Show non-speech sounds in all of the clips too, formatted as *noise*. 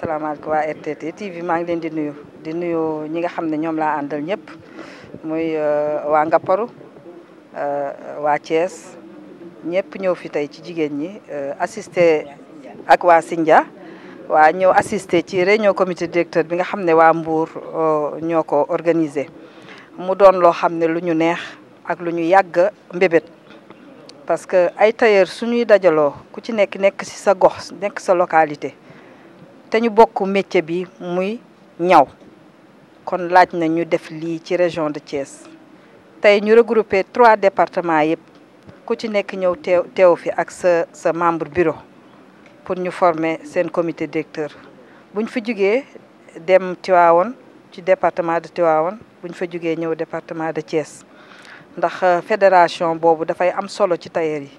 asalaamaaleykum waa RTT TV maa ngi leen di nuyu di nuyu ñi nga xam ne ñoom laa àndal ñëpp muy euh, waa Ngaparu euh, waa Thiès ñëpp ñëw fi tey ci jigéen ñi euh, assister ak waa Sindia waa ñëw assister ci réunion comité directeur bi nga xam ne waa Mbour ñoo ko organisé mu doon loo xam ne lu ñu neex ak lu ñu yàgg mbébét parce que ay tailleur suñuy dajaloo ku ci nekk nekk ci sa gox nekk sa localité te ñu bokk métier bi muy ñaw kon laaj na ñu def lii ci région de Thiès tey ñu regrouper trois départements yëpp ku ci nekk ñëw teew teew fi ak sa sa membre bureau pour ñu former seen commité directeur buñ fa jugee dem Tivaouane ci département de Tivaouane buñ fa jugee ñëw département de Thiès ndax euh, fédération boobu dafay am solo ci tailleur yi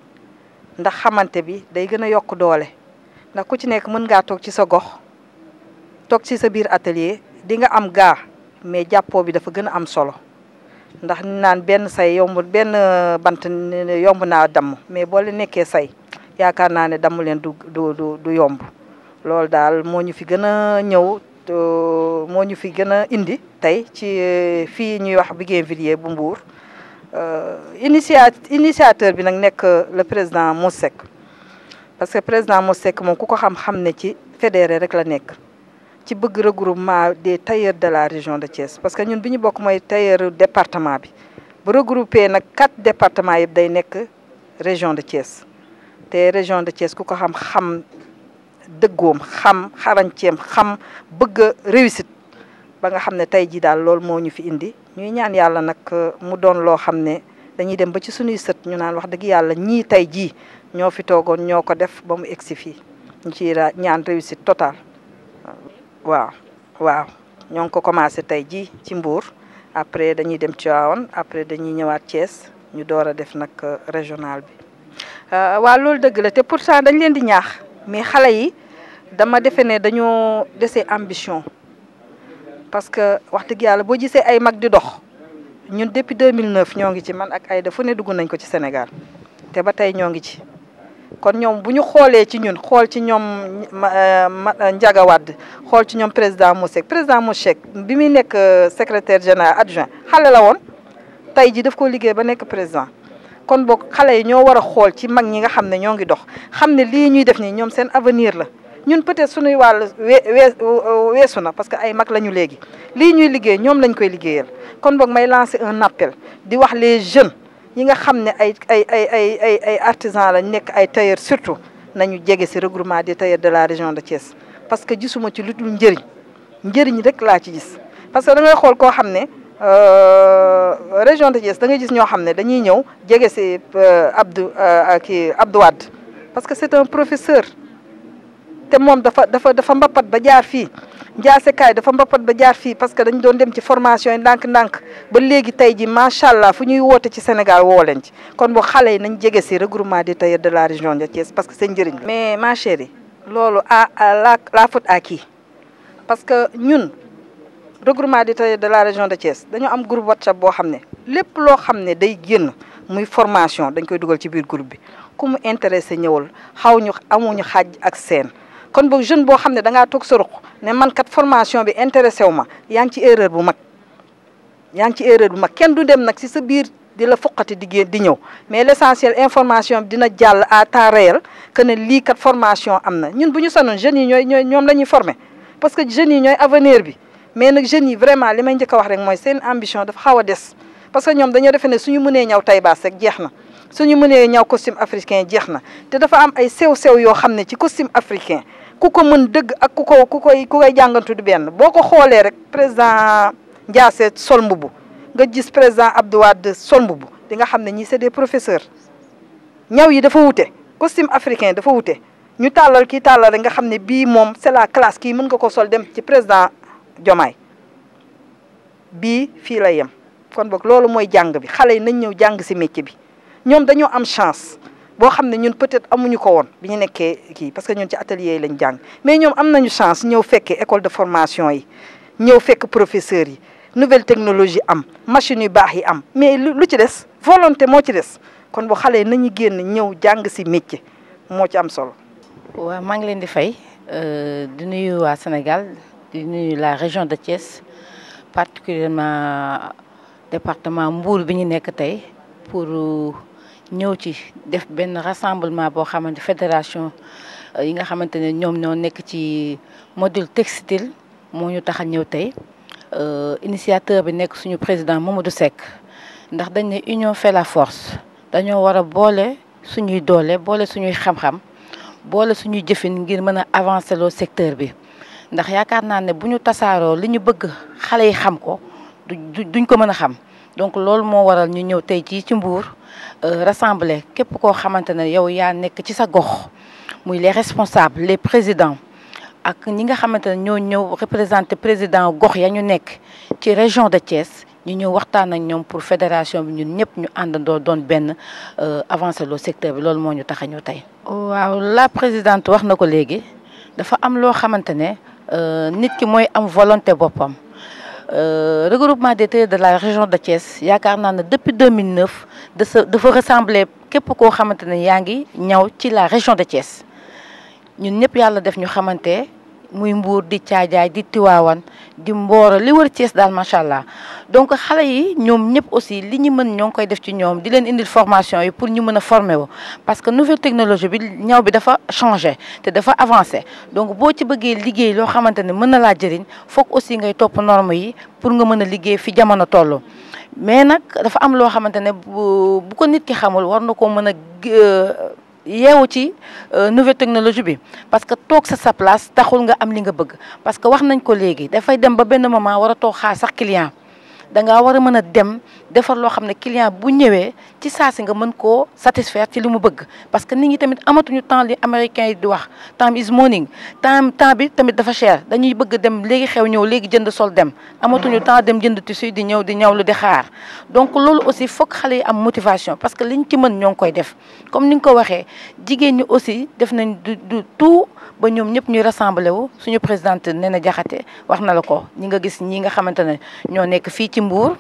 ndax xamante bi day gën a yokk doole ndax ku ci nekk mën ngaa toog ci sa gox toog ci sa biir atelier di nga am gaa mais jàppoo bi dafa gën a am solo ndax naan benn say yomb benn euh, bant yomb naa damm mais boo nekkee say yaakaar naa ne damm leen du du du yomb loolu daal moo ñu fi gën a ñëw euh, moo ñu fi gën a indi tey ci euh, fii ñuy wax Biguinvilliers bu Mbour initia initiateur bi nag nekk le président Moussek parce que président Moussek moom ku ko xam-xam ne ci fédéré rek la nekk ci bëgg regroupement de tailleurs de la région de Thiès parce que ñun bi ñu bokk mooy tailleur département bi bu regroupé nag quatre départements yëpp day nekk région de Thiès te région de Thiès ku ko xam xam dëggoom xam xarañceem xam bëgg réussite ba nga xam ne tey jii daal loolu moo ñu fi indi ñuy ñaan yàlla nag euh, mu doon loo xam ne dañuy dem ba ci suñuy sët ñu naan wax dëgg yàlla ñii tey jii ñoo fi toogoon ñoo ko def ba mu egsi fii ñu ciy ñaan réussite totale waaw waaw ñoo ngi ko commencé tey jii ci Mbour après dañuy dem Tivaouane après dañuy ñëwaat cees ñu door a def nag euh, régional bi euh, waa loolu dëgg la te pourtant dañ leen di ñaax mais xale yi dama defe ne dañoo dese ambition parce que wax dëgg yàlla boo gisee ay mag di dox ñun depuis 2009 ñoo ngi ci man ak ay dafa ne dugg nañ ko ci Sénégal te ba tey ñoo ngi ci kon ñoom bu ñu xoolee ci ñun xool ci ñoom euh, euh, Ndiaga Wade xool ci ñoom président Moussek président Moussek bi muy nekk euh, secrétaire général adjoint xale la woon tey ji daf ko liggéey ba nekk président kon boog xale yi ñoo war a xool ci mag ñi nga xam ne ñoo ngi dox xam ne lii ñuy def nii ñoom seen avenir la ñun peut-être suñuy wàll weesu na parce que ay mag la ñu léegi lii ñuy liggéey ñoom lañ koy liggéeyal kon boog may lancer un appel di wax les jeunes ñi nga xam ne ay ay ay ay ay ay artisan lañ nekk ay tailleur surtout nañu jege si regroupement des tailleurs de la région de Thiès parce que gisuma ci lu dul njëriñ njëriñ rek laa ci gis parce que da ngay xool koo xam ne euh, région de Thiès da ngay gis ñoo xam ne dañuy ñëw jege si euh, Abdou euh, kii Abdou parce que c'est un professeur te moom dafa dafa dafa mbappat ba jaar fii njaasekaay dafa mbappat ba jaar fii parce que dañ doon dem ci formation yi ndànk-ndànk ba léegi tey ji macha allah fu ñuy woote ci Sénégal woo leen ci kon bu xale yi nañ jege si regroupement des tailleurs de la région de Thiès parce que seen njëriñ la. mais ma chérie loolu à la la faute à qui parce que ñun regroupement des tailleurs de la région de Thiès dañoo am groupe WhatsApp boo xam ne lépp loo xam ne day génn muy formation dañ koy dugal ci biir groupe bi ku intéressé ñëwal xaw ñu amuñu ak seen. kon boog jeune boo xam ne dangaa toog sa ruq ne man kat formation bi intéressé wu ma yaa ngi ci erreur bu mag yaa ngi ci erreur bu mag kenn du dem nag si sa biir di la foqati di génn di ñëw mais l'essentiel information dina jàll à temps réel que ne kat formation am na ñun bu ñu sanoon jeunes yi ñooy ñooy ñoom la ñuy former parce que jeunes yi ñooy avenir bi mais nag jeunes yi vraiment li may njëkk wax rek mooy seen ambition dafa xaw a des parce que ñoom dañoo defe ne suñu mënee ñaw tay jeex na suñu mënee ñaw costume africain jeex na te dafa am ay sew-sew yoo xam ne ci costume africain ku ko mën dëgg ak ku ko ku koy ku koy jàngantu du benn boo ko xoolee rek président Ndiasse sol mbubu nga gis président Abdou Wade sol mbubu di nga xam ne ñii c'est des professeurs ñaw yi dafa wute costume africain dafa wute ñu tàllal kii tàllal rek nga xam ne bii moom c'est la classe kii mën nga ko sol dem ci président Diomaye bii fii la yem kon boog loolu mooy jàng bi xale yi nañ ñëw jàng si métier bi ñoom dañoo am chance boo xam ne ñun peut-être amuñu ko woon bi ñu nekkee kii parce que ñun ci atelier yi lañ jàng mais ñoom am nañu chance ñëw fekkee école de formation yi ñëw fekk professeurs yi nouvelle technologie am machine yu baax yi am mais lu ci des volonté moo ci des kon bu xale nañu génn ñëw jàng si métier moo ci am solo. waaw maa ngi leen di fay euh, di nuyu waa Sénégal di nuyu la région de Thiès particulièrement département Mbour bi ñu nekk tey pour. ñëw ci def benn rassemblement boo xamante fédération euh, yi nga xamante ne ñoom ñoo nekk ci module textile moo ñu tax a ñëw tey euh, initiateur bi nekk suñu président Mamadou sekk ndax dañ ne union fait la force dañoo war a boole suñuy doole boole suñuy xam-xam boole suñuy jëfin ngir mën a avancer loo secteur bi ndax yaakaar naa ne bu ñu tasaaroo li ñu bëgg xale yi xam ko du duñ ko mën a xam donc loolu moo waral ñu ñëw tey jii ci mbuur Euh, rassembler képp koo xamante ne yow yaa nekk ci sa gox muy les responsables les présidents ak ñi nga xamante ne ñoo ñëw représenté président gox ya ñu nekk ci région de Thiès ñu ñëw waxtaan ak ñoom pour fédération bi ñun ñëpp ñu àndandoo doon benn euh, avancé loo secteur bi loolu moo ñu tax a ñëw tey. waaw la présidente wax na ko léegi dafa am loo xamante ne euh, nit ki mooy am volonté boppam. Euh, regroupement des terres de la région de Thiès yaakaar naa ne depuis 2009 da sa dafa rassembler képp koo xamante ne yaa ngi ñaw ci la région de Thiès ñun ñëpp yàlla def ñu xamante. muy Mbour di Caajaay di Tiwaawan di Mbooro li war cees daal macha allah donc xale yi ñoom ñëpp aussi li ñu mën ñoo ngi koy def ci ñoom di leen indil formation yi pour ñu mën a former parce que nouvelle technologie bi ñaw bi dafa changé te dafa avancé donc boo ci bëggee liggéey loo xamante ne mën na laa jëriñ foog aussi ngay topp norme yi pour nga mën a liggéey fi jamono toll. mais nag dafa am loo xamante ne bu ko nit ki xamul war na koo mën a. Euh, yeewu ci euh, nouvelle technologie bi parce que toog sa sa place taxul nga am li nga bëgg parce que wax nañ ko léegi dafay dem ba benn moment war a toog xaar sax client da ngaa war a mën a dem defar loo xam ne client bu ñëwee ci saa si nga mën koo satisfaire ci li mu bëgg parce que nit ñi tamit amatuñu temps li américain yi di wax time is morning temps temps bi tamit dafa cher dañuy bëgg dem léegi xew ñëw léegi jënd sol dem amatuñu temps dem jënd tissu di ñëw di ñëw lu di xaar donc loolu aussi fokk xale yi am motivation parce que liñ ci mën ñoo ngi koy def comme ni nga ko waxee jigéen ñi aussi def nañ du du tout ba ñoom ñëpp ñuy rassemblé wu suñu présidente Néné Diakhaté wax na la ko nga gis ñi nga xamante ne ci Mbour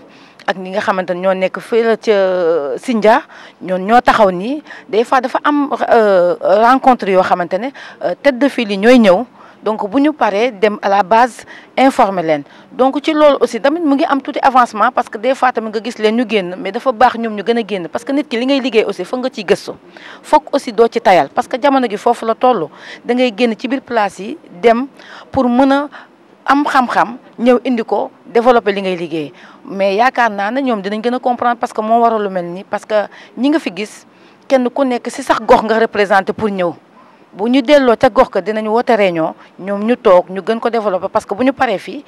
ak ñi nga xamante ñoo nekk fii ca euh, Sindia ñoo taxaw nii des dafa am euh, rencontre yoo xamante ne euh, tête de file yi ñooy ñëw donc bu ñu paree dem à la base informer leen donc ci loolu aussi tamit mu ngi am tuuti avancement parce que des fois tamit nga gis leen ñu génn mais dafa baax ñoom ñu gën a génn parce que nit ki li ngay liggéey aussi foog nga ciy gëstu foog aussi doo ci tayal parce que jamono gi foofu la toll da génn ci biir place yi dem pour am xam-xam ñëw indi ko développer li ngay liggéey mais yaakaar naa ne ñoom dinañ gën a comprendre parce que moo waralu mel ni parce que ñi nga fi gis kenn ku nekk si sax gox nga représenté pour ñëw bu ñu delloo ca gox ka dinañ woote réunion ñoom ñu toog ñu gën ko développer parce que bu ñu paree fii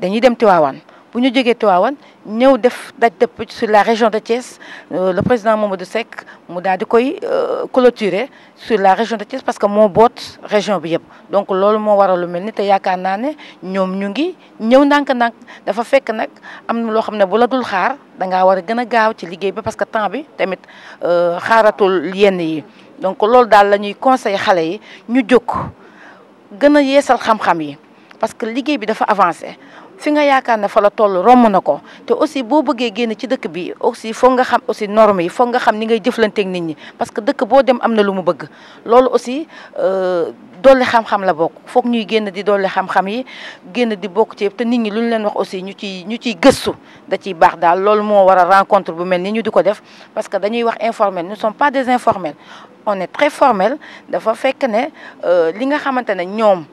dañuy dem Tivaouane bu ñu jógee Tivaouane ñëw def daj dëpp sur la région de Thiès euh, le président Mamadou Seck mu daal di koy euh, clôturer sur la région de Thiès parce que moo boot région bi yëpp donc loolu moo waral lu mel ni te yaakaar naa ne ñoom ñu ngi ñëw ndànk-ndànk dafa fekk nag am na loo xam ne bu la dul xaar da ngaa war a gën a gaaw ci liggéey bi parce que temps bi tamit euh, xaaratul yenn yi donc loolu daal la ñuy conseil xale yi ñu jóg gën a yeesal xam-xam yi parce que liggéey bi dafa avancé fi nga yaakaar ne fa la toll romb na ko te aussi boo bëggee génn ci dëkk bi aussi foog nga xam aussi normes yi foog nga xam ni ngay jëflanteeg nit ñi parce que dëkk boo dem am na lu mu bëgg loolu aussi euh, dolli xam-xam la bokk foog ñuy génn di dolli xam-xam yi génn di bokk ci te nit ñi lu ñu leen wax aussi ñu ciy ñu ciy gëstu da ciy baax daal loolu moo war a rencontre bu mel ni ñu di ko def parce que dañuy wax informel nous ne sommes pas des informels on est très formel dafa fekk ne euh, li nga xamante ne ñoom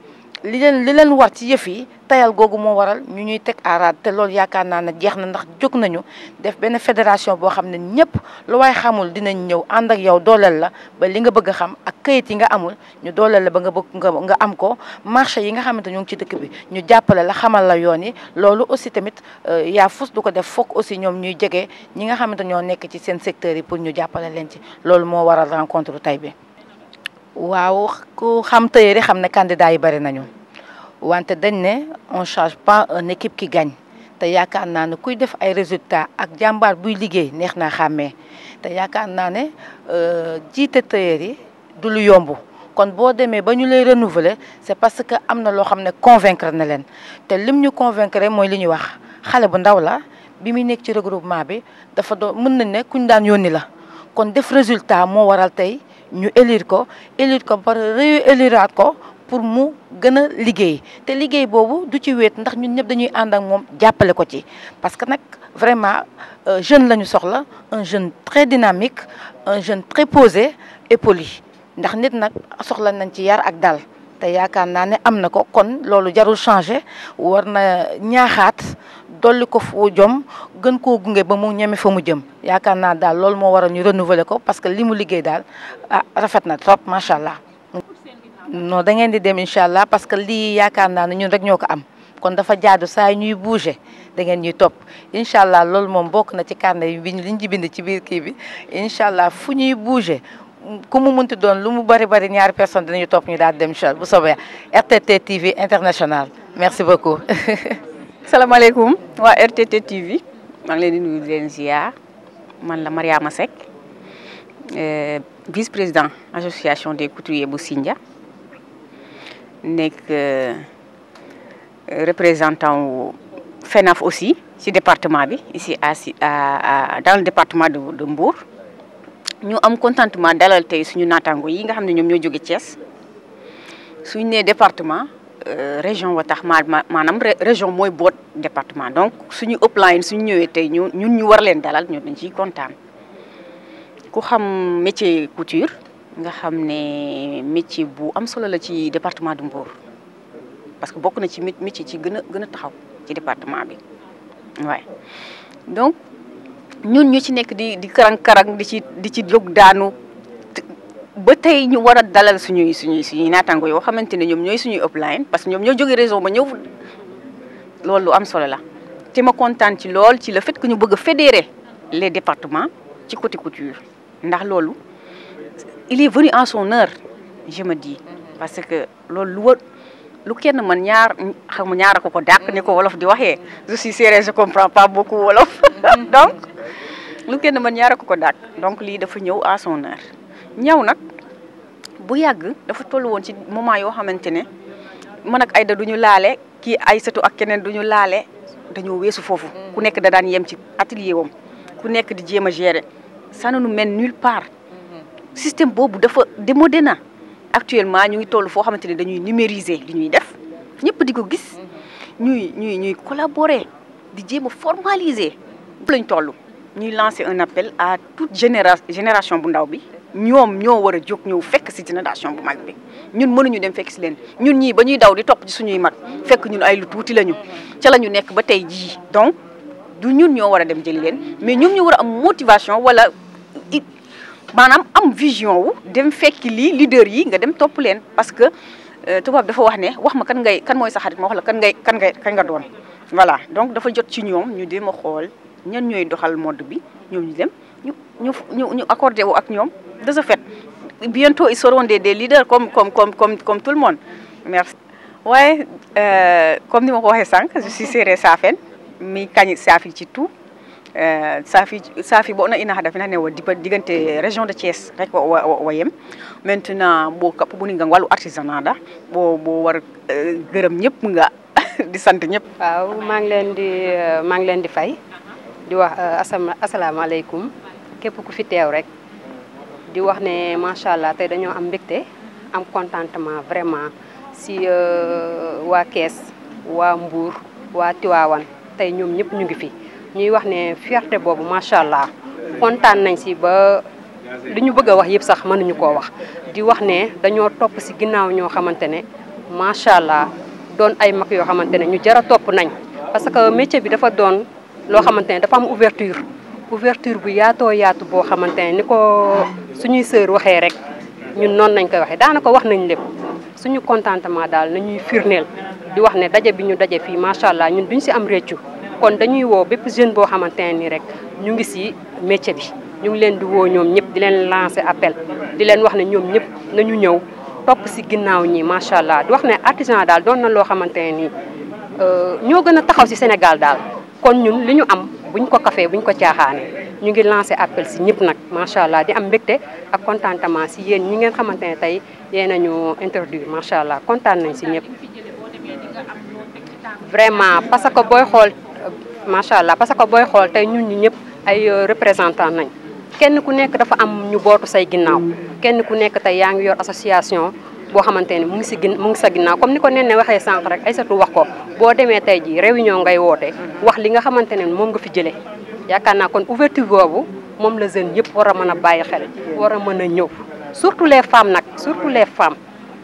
li leen li leen war ci yëf yi tayal googu moo waral ñu ñuy teg aaraat te loolu yaakaar naa ne jeex na ndax jóg nañu def benn fédération boo xam ne ñëpp lu waaye xamul dinañ ñëw ànd ak yow dooleel la ba li nga bëgg xam ak kayit yi nga amul ñu dooleel la ba nga bëgg nga nga am ko marché yi nga xamante ñu ngi ci dëkk bi ñu jàppale la xamal la yoon yi loolu aussi tamit euh, yaa fus du ko def fokk aussi ñoom ñuy jege ñi nga xamante ñoo nekk ci seen secteur yi pour ñu jàppale leen ci loolu moo waral rencontre tey bi waaw ku xam tey xam ne candidat yi bari nañu wante dañ ne on change pas une équipe qui gagne te yaakaar naa ne kuy def ay résultat ak jàmbaar buy liggéey neex na xàmmee te yaakaar naa ne euh, jiite tëyeer yi du lu yomb kon boo demee ba ñu lay renouveler c'est parce que am na loo xam ne convaincre na leen te lim ñu convaincre mooy li ñu wax xale bu ndaw la bi muy nekk ci regroupement bi dafa doon mën nañ ne kuñ daan yónni la kon def résultat moo waral tey. ñu élire ko élire ko ko pour mu gën a liggéey te liggéey boobu du ci wéet ndax ñun ñëpp dañuy ànd ak moom jàppale ko ci parce que nag vraiment euh, jeune la ñu soxla un jeune très dynamique un jeune très posé et ndax nit nag soxla nañ ci yar ak daal te yaakaar naa ne am na ko kon loolu jarul changé war na ñaaxaat dolli ko fu jom gën koo gunge ba mu ñeme fa mu jëm yaakaar naa daal loolu moo waral ñu renouveler ko parce que li mu liggéey daal ah rafet na trop macha allah. non da ngeen di dem incha allah parce que lii yaakaar naa ne ñun rek ñoo ko am kon dafa jaadu saa ñuy bouger da ngeen ñuy topp incha allah loolu moom bokk na ci carnet bi liñ ci bind ci biir kii bi incha allah fu ñuy bouger. ku mu munti doon lu mu bari bari ñaari personne dinañu topp ñu daal dem bu soobee RTT TV international merci beaucoup *laughs* salaamaaleykum waa RTT TV maa ngi leen di nuyu di leen man la Mariama Seck eh, vice président association des couturiers bu Sindia nekk eh, représentant wu FENAF aussi ci département bi ici à si dans le département de de Mbour. ñu am contentement dalal tey suñu naataango yi nga xam ne ñoom ñoo jóge Thiès suñu nee département. Euh, région wa tax maanaam région mooy boot département donc suñu upline suñu ñëwee tey ñu ñun ñu war leen dalal ñu dañ ciy kontaan ku xam métier couture nga xam ne métier bu am solo la ci département de Mbour parce que bokk na ci métier ci gën a gën a taxaw ci département bi donc ñun ñu ci nekk di karang-karang di ci di ci jóg daanu ba tey ñu war a dalal suñuy suñuy suñuy naataango yoo xamante ne ñoom ñooy suñuy upline parce que ñoom ñoo jógee région ba ñëw loolu lu am solo la te ma kontaan ci lool ci le fait que ñu bëgg a fédérer les département ci côté couture ndax loolu il est venu en son heure je me dis parce que loolu lu wa lu kenn man ñaar xam ñaar a ko ko dàq ni ko wolof di waxee je suis séeréer je comprends pas beaucoup wolof *laughs* donc lu kenn man ñaar a ko ko dàq donc lii dafa ñëw à son ñaw nag bu yàgg dafa toll woon ci moment yoo xamante ne man ak Aida du ñu laale kii Aysatu ak keneen du ñu laale dañoo weesu foofu. Mm. ku nekk da daan yem ci atelier wam ku nekk di jéem a gérer. ça ne nous mène nulle part. Mm-hmm. système boobu dafa démodé actuellement ñu ngi toll foo xamante ne dañuy numériser li ñuy def ñëpp di ko gis mm-hmm. ñuy ñuy ñuy collaborer di jéem a formaliser. lañ toll ñuy lancer un appel à toute génération génération bu ndaw bi. ñoom ñoo war a jóg ñëw fekk si génération bu mag bi ñun mënuñu dem fekk si leen ñun ñii ba ñuy daw di topp ci suñuy mag fekk ñun ay lu tuuti lañu ca la ñu nekk ba tey jii donc du ñun ñoo war a dem jëli leen mais ñoom ñu war a am motivation wala maanaam am vision wu dem fekki lii leader yi nga dem topp leen parce que euh, tubaab dafa wax ne wax ma kan ngay kan mooy sa xarit la kan ngay kan ngay kan nga doon voilà donc dafa jot ci ñoom ñu dem a xool ñan ñooy doxal mode bi ñoom ñu dem ñu ñu ñu accordé wu ak ñoom de ce fait bientôt ils seront des des leaders comme comme comme comme comme tout le monde waaye euh, comme ni ma ko waxee sànq je suis séeréer saafen mi kañ saafi ci tout euh, saafi saafi bo na ina hada fina ne wa diggante région de Thiès rek wa wa yem maintenant bo kap bu ni nga wàllu artisanat da bo bo war euh, gërëm ñëpp nga *laughs* di sant ñëpp waaw maa ngi leen di maa ngi leen di fay di wax asalaamaaleykum képp ku fi teew rek di wax ne macha allah tey dañoo am mbégte am contentement vraiment si euh, waa Kees waa Mbour waa Tiwaawan tey ñoom ñëpp ñu ngi fi ñuy wax ne fierté boobu macha allah kontaan nañ si ba li ñu bëgg a wax yëpp sax mën nañu ko wax di wax ne dañoo topp si ginnaaw ñoo xamante ne macha allah doon ay mag yoo xamante ne ñu jar a topp nañ parce que métier bi dafa doon loo xamante ne dafa am ouverture ouverture bu yaatoo yaatu boo xamante ne ni ko suñuy sœur waxee rek ñun noonu nañ koy waxee daanaka wax nañ lépp suñu contentement daal nañuy firndeel di wax ne daje bi ñu daje fii macha allah ñun duñ si am réccu kon dañuy woo bépp jeune boo xamante ne nii rek ñu ngi si métier bi ñu ngi leen di woo ñoom ñëpp di leen lancer appel di leen wax ne ñoom ñëpp nañu ñëw topp si ginnaaw ñi macha allah di wax ne artisan daal doon na loo xamante ne nii euh, ñoo gën a taxaw si Sénégal daal kon ñun li ñu am. bu buñ ko kafee ñu ko caaxaane ñu ngi lancé appel si ñëpp nag macha allah di am mbégte ak contentement si yéen ñi ngeen xamante ne tey yéen nañu introduire macha allah kontaan nañ si ñëpp. vraiment parce que booy xool macha allah parce que booy xool tey ñun ñu ñëpp ay euh, représentant nañ kenn ku nekk dafa am ñu bootu say ginnaaw mm. kenn ku nekk tey yaa ngi yor association. boo xamante ne mu ngi si gin mu ngi sa ginnaaw comme ni ko nen ne waxee sànq rek Aïssatou wax ko boo demee tey jii réunion ngay woote mm-hmm. wax li nga xamante ne moom nga fi jëlee yaakaar naa kon ouverture boobu moom la jeune yëpp war a mën a bàyyi xel war a mën a ñëw surtout les femmes nag surtout les femmes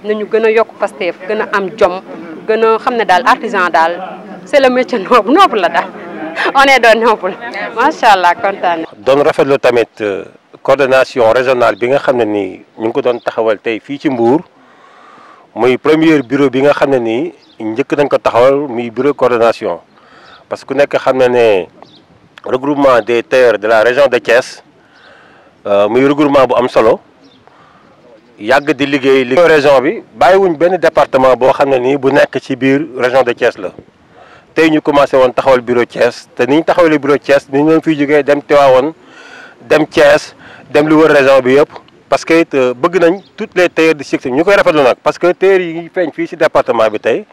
nañu gën a yokk Pastef gën a am jom gën a xam ne daal artisan daal c'est le métier noobu noobu la daal *laughs* on est doon noobul macha allah kontaan doon rafetlu tamit euh, coordination régionale bi nga xam ne nii ñu ngi ko doon taxawal tey fii ci Mbour muy premier bureau bi nga xam ne nii njëkk nañ ko taxawal muy bureau coordination parce que ku nekk xam na ne regroupement des tailleurs de la région de Thiès euh, muy regroupement bu am solo yàgg di liggéey li région bi bàyyiwuñ benn département boo xam ne nii bu nekk ci biir région de Thiès la tey ñu commencé woon taxawal bureau Thiès te ni ñu taxawalee bureau Thiès ni ñu leen fiy jógee dem Tivaouane dem Thiès dem lu wër région bi yëpp parce que it euh, bëgg nañ tout les tailleurs du secteur ñu koy rafetlu nag parce que tailleurs yi feeñ fii ci département bi tey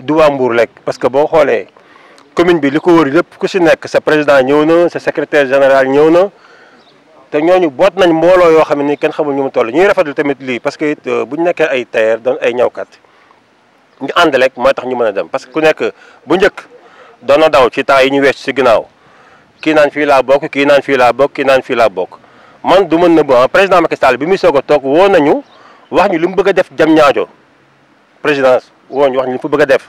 du waa Mbour lekk parce que boo xoolee commune bi li ko wër lépp ku si nekk sa président ñëw na sa secrétaire général ñëw na te ñoo ñu boot nañ mbooloo yoo xam ne kenn xamul ñu mu toll ñuy rafetlu tamit lii parce que it euh, bu ñu nekkee ay tailleur doon ay ñawkat ñu ànd lekk mooy tax ñu mën a dem parce que ku nekk bu njëkk doon daw ci temps yi ñu ginnaaw kii naan fii bokk kii naan fii laa bokk kii fii laa bokk man du ma nëbb ah président Macky bi muy soog a toog woo nañu wax ñu li mu bëgg def jam ñaajo présidence woo ñu wax ñu li mu fa bëgg a def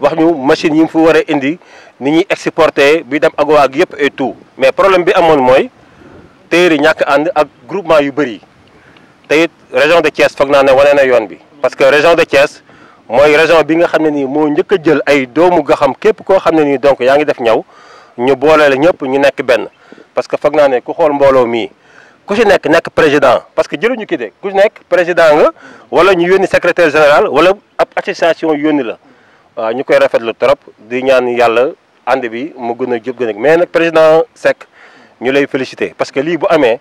wax ñu machine yi mu fa war indi ni ñuy exporté bi dem ak waa ak yëpp ay tout mais problème bi amoon mooy téeri ñàkk ànd ak groupement yu bëri te it région de Thiès foog naa ne wane na yoon bi parce que région de Thiès mooy région bi nga xam ne nii moo njëkk a jël ay doomu xam képp koo xam ne nii donc yaa ngi def ñaw ñu boole ñëpp ñu nekk benn parce que foog naa ne ku xool mbooloo mii ku si nekk nekk président parce que jëluñu kii de ku si nekk président nga wala ñu yónni secrétaire général wala ab association yónni la waaw ñu koy rafetlu trop di ñaan yàlla ànd bi mu gën a jub gën a mais nag président Seck ñu lay féliciter parce que lii bu amee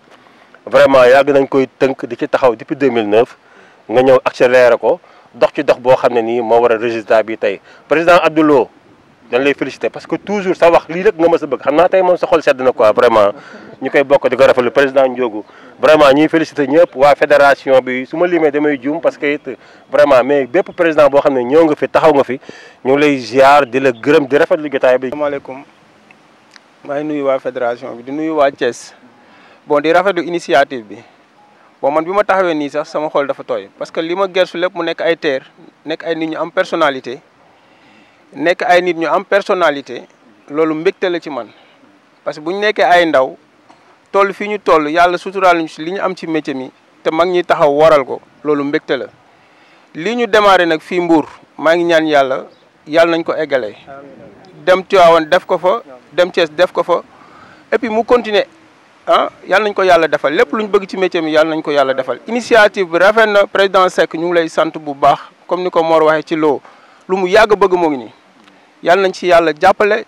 vraiment yàgg nañ koy tënk di ci taxaw depuis 2009 nga ñëw accéléré ko dox ci dox boo xam ne nii moo war a bi tey président Abdou dañ lay félicité parce que toujours sa wax lii rek nga mës a bëgg xam naa tey moom sa xol sedd na quoi vraiment ñu koy bokk di ko rafetlu président Ndiogou vraiment ñuy félicité ñëpp waa fédération bi su ma limee damay juum parce que it vraiment mais bépp président boo xam ne ñëw nga fi taxaw nga fi ñu lay ziar di la gërëm di rafetlu jotaay bi. asalaamaaleykum maa ngi nuyu waa fédération bi di nuyu waa Thiès boo di rafetlu initiative bi bon man bi ma taxawee nii sax sama xol dafa tooy parce que li ma gersu lépp mu nekk ay terre nekk ay nit ñu am personnalité. nekk ay nit ñu am personnalité loolu mbégte la ci man parce que bu ñu nekkee ay ndaw toll fii ñu toll yàlla suturaal si li ñu am ci métier mi te mag ñi taxaw waral ko loolu mbégte la lii ñu démarré nag fii Mbour maa ngi ñaan yàlla yàlla nañ ko eggale dem Tivaouane def ko fa dem Thiès def ko fa et mu continuer ah yàlla nañ ko yàlla defal lépp lu ñu bëgg ci métier mi yàlla nañ ko yàlla defal initiative bi rafet na président Seck ñu ngi lay sant bu baax comme ni ko Mor waxee ci loo lu mu yàgg bëgg moo ngi nii yàlla nañ ci yàlla jàppale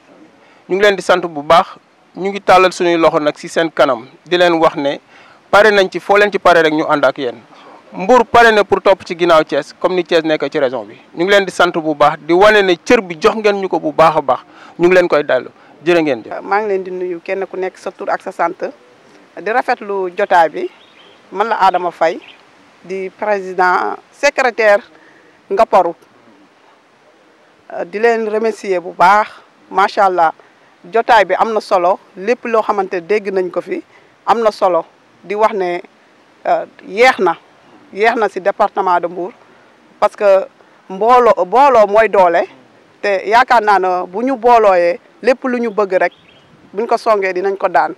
ñu ngi leen di sant bu baax ñu ngi tàllal suñuy loxo nag ci seen kanam di leen wax ne pare nañ ci foo leen ci pare rek ñu ànd ak yéen. Mbour pare na pour topp ci ginnaaw Thiès comme ni Thiès nekk ci région bi ñu ngi leen di sant bu baax di wane ne cër bi jox ngeen ñu ko bu baax a baax ñu ngi leen koy dellu jërë ngeen ja maa ngi leen di nuyu kenn ku nekk sa tur ak sa sant di rafetlu jotaay bi man la aadama Faye di président secrétaire Ngaparou. di leen remercier bu baax macha allah jotaay bi am na solo lépp loo xamante dégg nañ ko fi am na solo di wax ne euh, yeex na yeex na ci département de Mbour parce que mboolo booloo mooy doole te yaakaar naa ne bu ñu boolooyee lépp lu ñu bëgg rek buñ ko songee dinañ ko daan